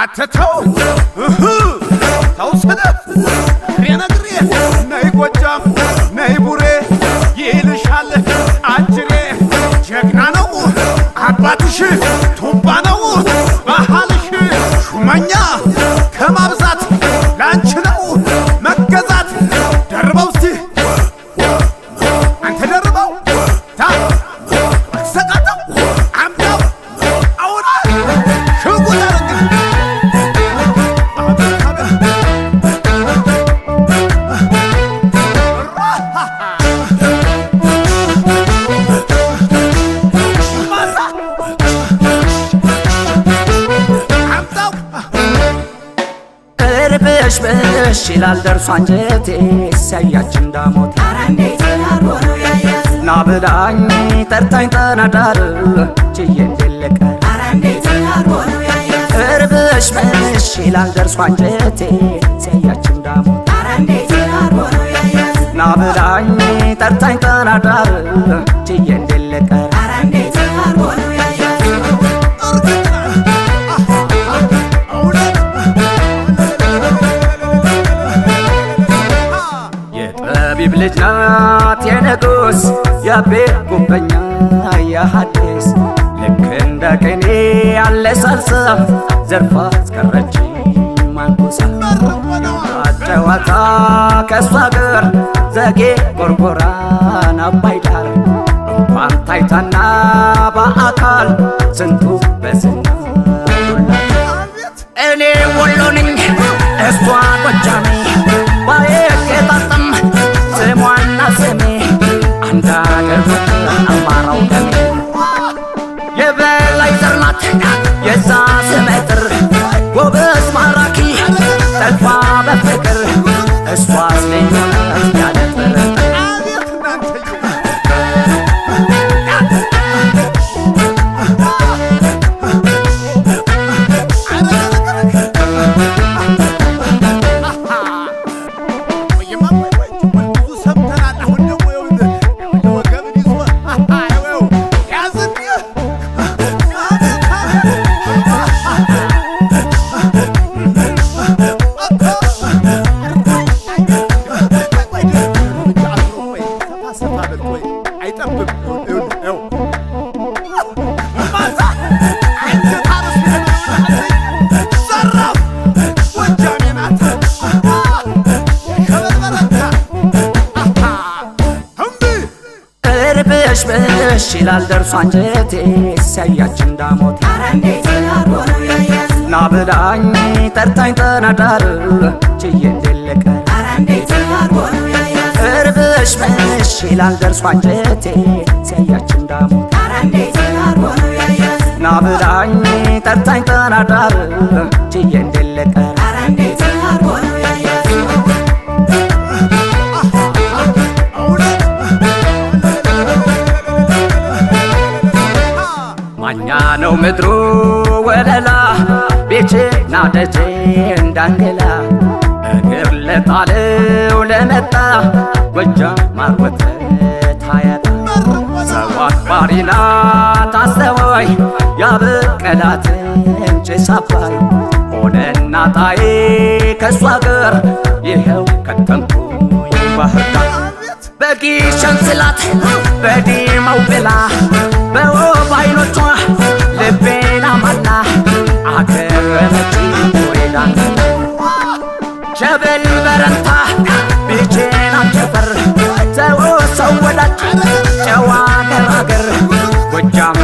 አትተው ተው ስደት እግሬ ነግሬ ነይ ጎጃም ነይ ቡሬ ይልሻል አጅሬ ጀግና ነው አባትሽ ቱባ ነው ባህልሽ ሹመኛ ከማብዛት ላንችነ በሽበሽ ይላል ደርሶ አንጀቴ ሲያያች እንዳሞት ና ብላኝ ጠርታኝ ጠናዳር ችዬ እንድልቀር እርብሽ በሽ ይላል ደርሶ አንጀቴ ሲያያች እንዳሞት ና ብላኝ ጠርታኝ ጠናዳር ችዬ ልጅ ናት ያቤ ጉበኛ የሐዲስ ልክ እንደ ቅኔ ያለ ሳልሳ ዘርፋ አስቀረች ማንኩሳ ጨዋታ ከእሷ ግር ዘጌ ጎርጎራን አባይ ዳር እንኳን ታይታና በአካል ስንቱ በዝና እኔ ወሎ ነኝ Bye. ይላል ደርሶ አንጀቴ ሲያያች እንዳሞቴ ና ብላኝ ጠርታኝ ጠናዳር ችዬ ደለቀ እርብሽ ምሽ ይላል ደርሶ አንጀቴ ሲያያች እንዳሞቴ ና ብላኝ ጠርታኝ ጠናዳር ችዬ ደለቀ ነው ምድሩ ወለላ ቤቼና ደቼ እንዳንገላ እግር ለጣለው ለመጣ ጎጃም ማር ወተት አያጣ ሰው አክባሪ ናት አስተዋይ ያበቀላትን ጭስ አባይ ሆነና ጣዬ ከእሷ አገር ይኸው ከተምኩኝ ባህር በጊሸን ስላት በዲመው ብላ በወብ ጨዋ ገባገር ጎጃም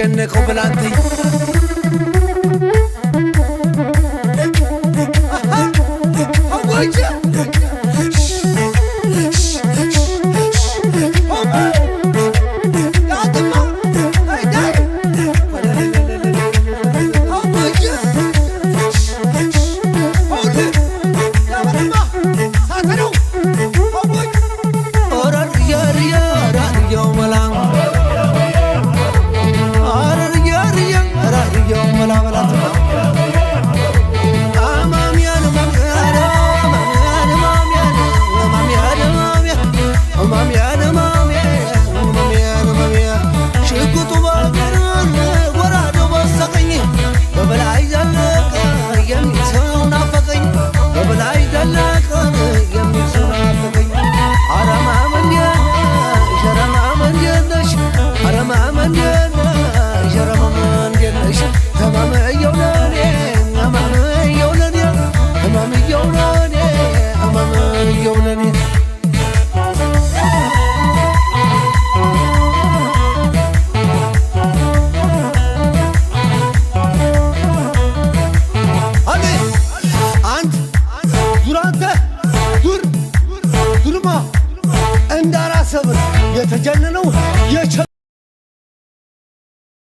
የተጨነቀው ብላንተኝ